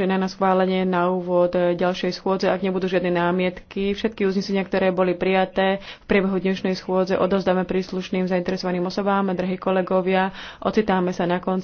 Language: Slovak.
že na schválenie na úvod ďalšej schôdze, ak nebudú žiadne námietky, všetky uznesenia, ktoré boli prijaté v priebehu dnešnej schôdze, odozdáme príslušným zainteresovaným osobám, drahí kolegovia, ocitáme sa na konci